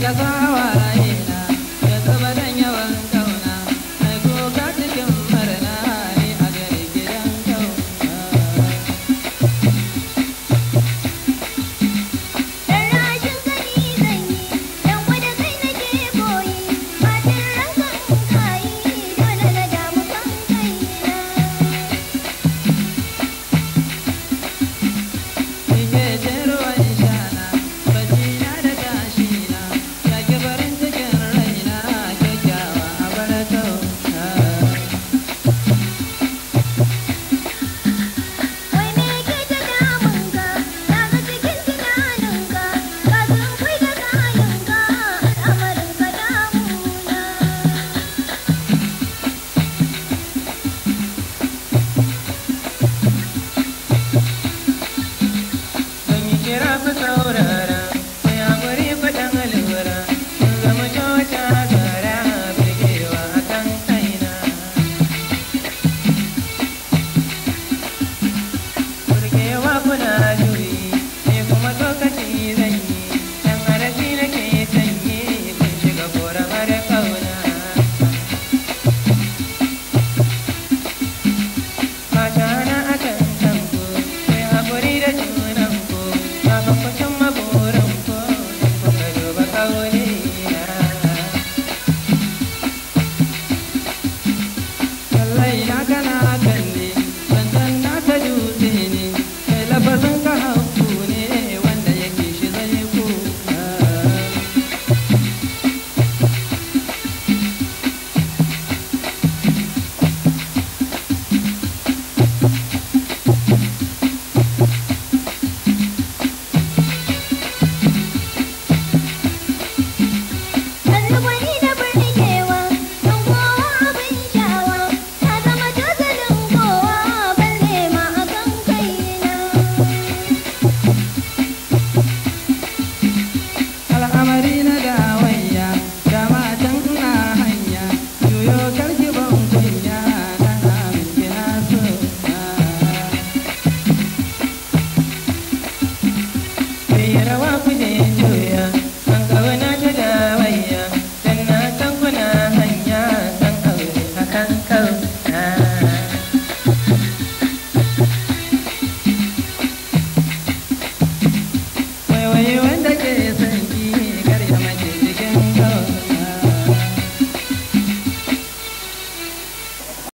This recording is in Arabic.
جزاوات ¡Gracias! 哎呀！